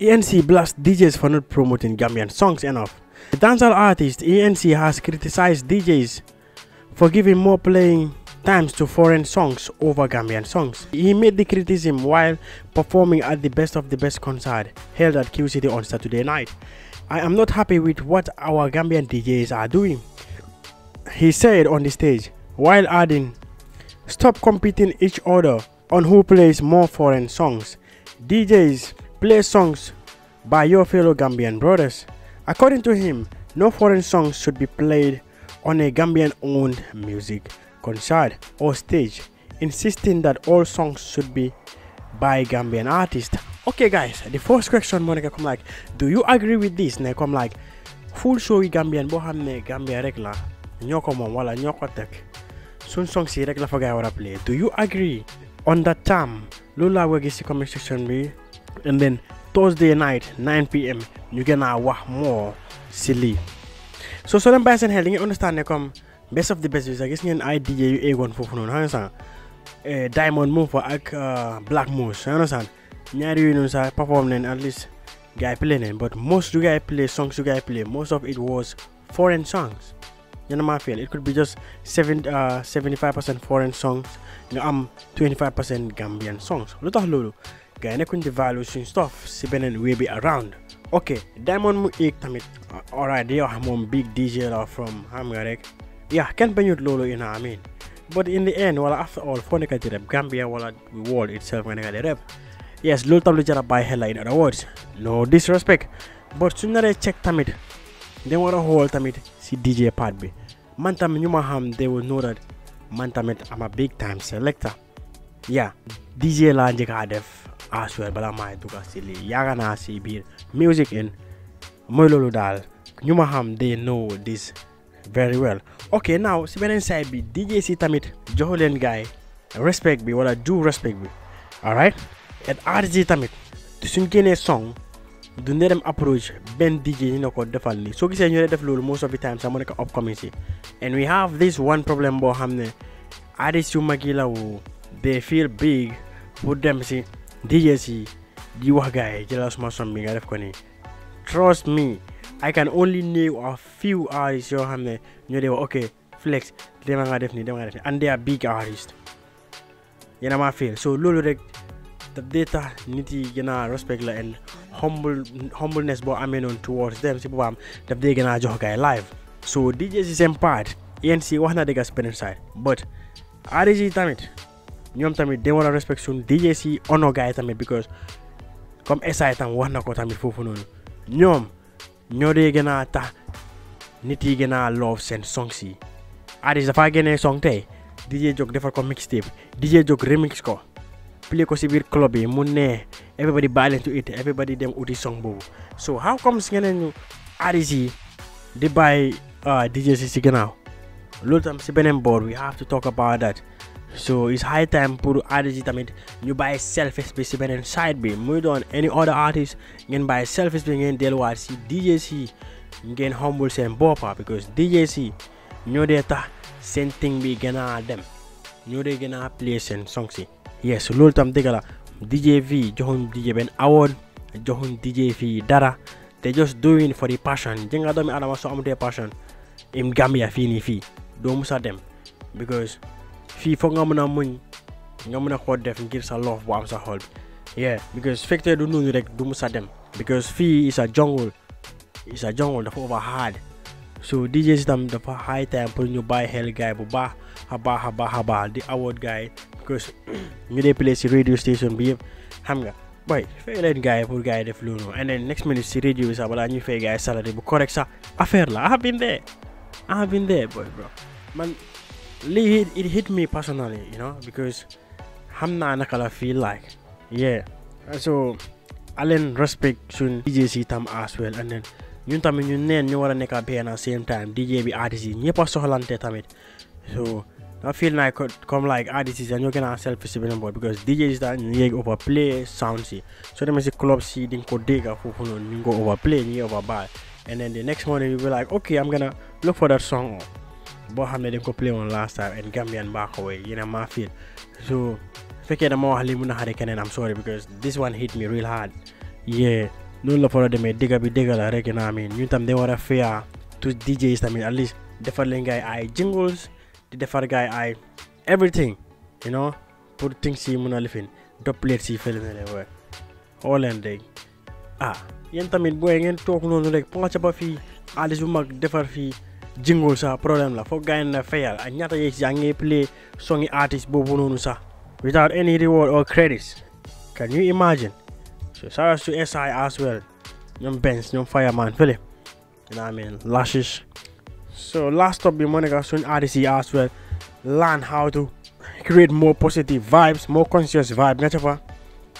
ENC blasts DJs for not promoting Gambian songs enough. The dancehall artist ENC has criticized DJs for giving more playing times to foreign songs over Gambian songs. He made the criticism while performing at the Best of the Best concert held at QCD on Saturday night. I am not happy with what our Gambian DJs are doing, he said on the stage, while adding, Stop competing each other on who plays more foreign songs. DJs play songs by your fellow Gambian brothers. According to him, no foreign songs should be played on a Gambian-owned music concert or stage, insisting that all songs should be by Gambian artists. Okay guys, the first question Monica come like, do you agree with this? Ne come like, full show yi Gambian bo xamne Gambia rek la mom wala ñoko tek. Sun song si rek la fa wara play. Do you agree on that term? Lula la si ci comment section bi and then Thursday night 9 pm you gën a wax more silly. lii so soo leen bàyyi seen you understand ne come best of the best I guess you ngeen ay DJ a one for noonu xam nga Diamond move for ak uh, Black Moose you understand? ñaari you know say perform then at least guy playing, play but most you guy play songs you guy play most of it was foreign songs You know my feel it could be just uh, seventy five percent foreign songs i am um, twenty five percent Gambian songs Look at gaay nekkuñ di value suñ stuff si beneen way be around ok Diamond mu éeg tamit uh, alright di wax moom big DJ la from Hamgarek. Yeah, rek yaa kenn bañut Lolo, you know I mean but in the end wala after all foo nekka di rep Gambia wala world itself nga nekka di rep yes loolu tam lu jar a in other words no disrespect but suñ naree check tamit dañ war a xool tamit si DJ part bi man tamit ñu ma they will know that man tamit am a big time selector yeah DJ laa njëkk a def as well balaa maay dugga si lii yaaga naa si biir music in mooy loolu daal ñu ma xam they know this very well ok now si beneen side bi DJ si tamit joxu leen gaay respect bi walla due respect bi alright et artiste yi tamit suñ génnee song du ne dem approach benn DJ ñu ne ko defal ni soo gisee ñu dee def loolu most of the time sax mu nekk upcoming si and we have this one problem boo xam ne artiste yu mag yi la woo they feel big pour dem si DJs yi di wax gars yi jëlal suma son bi ga def ko nii trust me I can only name a few artists yoo xam ne ñoo dee wax ok flex dama nga def nii dama nga def nii and they are big artists yéen a maa so loolu rek daf dee tax nit yi gën a respect la and humbleness boo amee noonu towards them si boppam daf dee gën a jox gars yi live so DJs yi seen part yéen si wax na dëgg beneen side but artists yi tamit ñoom tamit they wanna respect suñu DJ si honor gars yi tamit because comme SAE tam wax na ko tamit foofu noonu ñoom ñoo dee gën a tax nit yi gën a love seen songs yi Addis dafa génnee song tey DJ jóg defar ko mixtape DJ Jok remix ko play ko si biir club yi mu nee everybody buy leen to it everybody dem uti song boobu so how comme si ñu Addis yi di bàyyi uh, DJ si si gënaaw loolu tam si beneen boor we have to talk about that. so it's high time pour artiste yi tamit ñu bàyyi selfish bi si beneen side bi muy doon any other artist ngeen bàyyi selfish bi ngeen delluwaat si DJs yi ngeen humble seen boppa because DJs yi ñoo dee tax seen thing bi gën a dem ñoo dee gën a play seen song si yes loolu tam dëgg la DJ V joxuñ DJ benn awoon joxuñ DJ V dara te just doing for the passion jënga doomi adama soo amutee passion im Gambia fii nii fii doo musa dem because Fi foog nga mën a muñ nga mën a def ngir sa loof bu am sa xol bi yeah because fekkee du noonu rek du mu sa dem because fi is a jungle is a jungle dafa over hard so DJ Sitam dafa high time pour ñu bàyyi xel gaay bu baax a baax a baax a baax di award gaay because ñu dee play si radio station bi yëpp xam nga boy fay leen gaay pour gaay def loolu and then next minute si radio bi sax balaa ñuy fay gaay salary bu correct sax affaire la I bin de, there I have been boy bro man it, it hit me personally you know because hamna anakala feel like yeah so allen respect soon dj tam as well and then you name, you wanna make a at the same time dj bi artiste yi ñëpp a soxlante tamit so I feel like come like artists and you're gonna self discipline board because is that you overplay sound see. So them is a club see then go dig up you go overplay and you overbuy. And then the next morning you'll be like, okay, I'm gonna look for that song boo xam ne dañ ko play woon last time and Gambian baa ko eh, way yéen a maa fiil so fekkee dama wax li mu naxari keneen am sorry because this one hit me real hard yeah noonu la foro eh, demee dégga bi dégga la rek naa miin ñun tam de war a fiya to DJs tamit at least defar leen gaay ay jingles di defar gaay ay everything you know pour things yi mun ah, a lifin doppleet si fële na leen waay oo leen dégg ah yéen tamit booy ngeen toog noonu rek ponga ca ba fii xaalis bu mag defar fii Jingle sa problem la foog gars na fayal ak ñaata yeeg yaa play songi artist boobu noonu without any reward or credits can you imagine so shout out to SI as well ñoom Benz ñoom Fireman fële you know what I mean lashes so last up bi moo nekk suñu artiste yi as well learn how to create more positive vibes more conscious vibe nga ca fa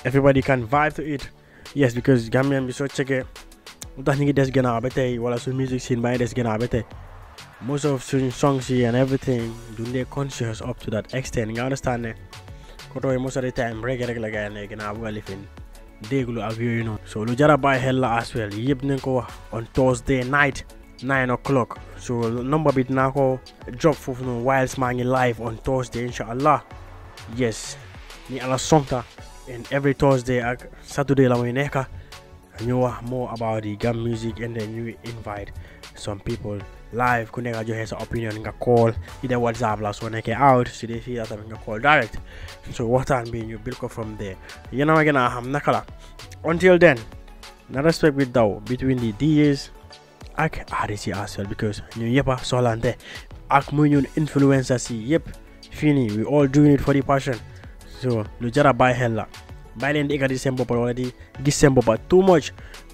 everybody can vibe to it yes because Gambian bi soo checkee lu ni ñu ngi des gannaaw ba tey wala su music scene ba ngi des ba most of the songs Songsi and everything do they conscious up to that extent you understand it? Eh? koto most of the time reggae reggae like and again I'm well even deglu avio you know so lu jara bay hella as well yeb ko on Thursday night 9 o'clock so number bit nako drop for no whilst mangi live on Thursday inshallah yes ni ala sonta and every Thursday Saturday la neka I know more about the gum music and then you invite some people live kunega joxe sa opinion nga call ida whatsapp la so neke out so they see that i'm call direct so what i'm being you build from there you know again i'm nakala until then na respect with daw between the djs ah, ak RDC si because ñun yëpp a soxlante ak muy ñun si yep, yëpp fii we all doing it for the passion so lu jara bàyyi xel la bàyyi leen di ekkati seen boppa wala di gis seen boppa too much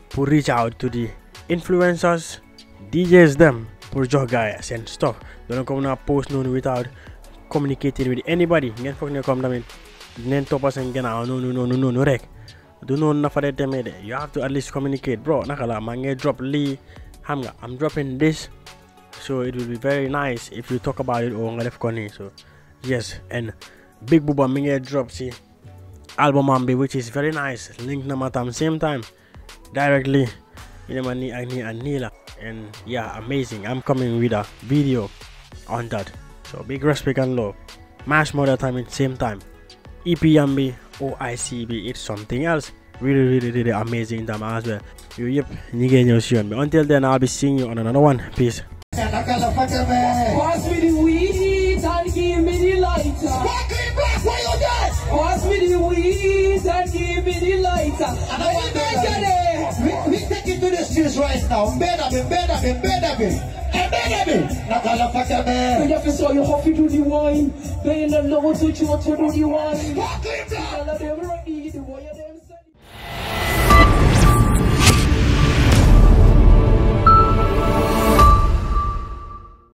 pour reach out to the influencers DJs them voor guys and stuff. Don't come and post no without communicating with anybody. Ngeen foog us and get ngeen no no no no no no. rek du noonu nafa dee demee de you have to at least communicate bro Nakala, la drop Lee. Hamga, I'm dropping this so it will be very nice if you talk about it on left corner. so yes and Big Booba mi drop see album ambi which is very nice link number tam same time directly ñu ne ma nii ak la and yeah amazing i'm coming with a video on that so big respect and love mash murder time at same time epmb or icb it's something else really really really amazing time as well you yep until then i'll be seeing you on another one peace Pass me the weed and give me the lighter. want that right now. Mbeda me, mbeda me, mbeda me. Nakalafatame. Kwenye fiso yo hofi do the wine. Bela logo to chuo to do the wine. Walk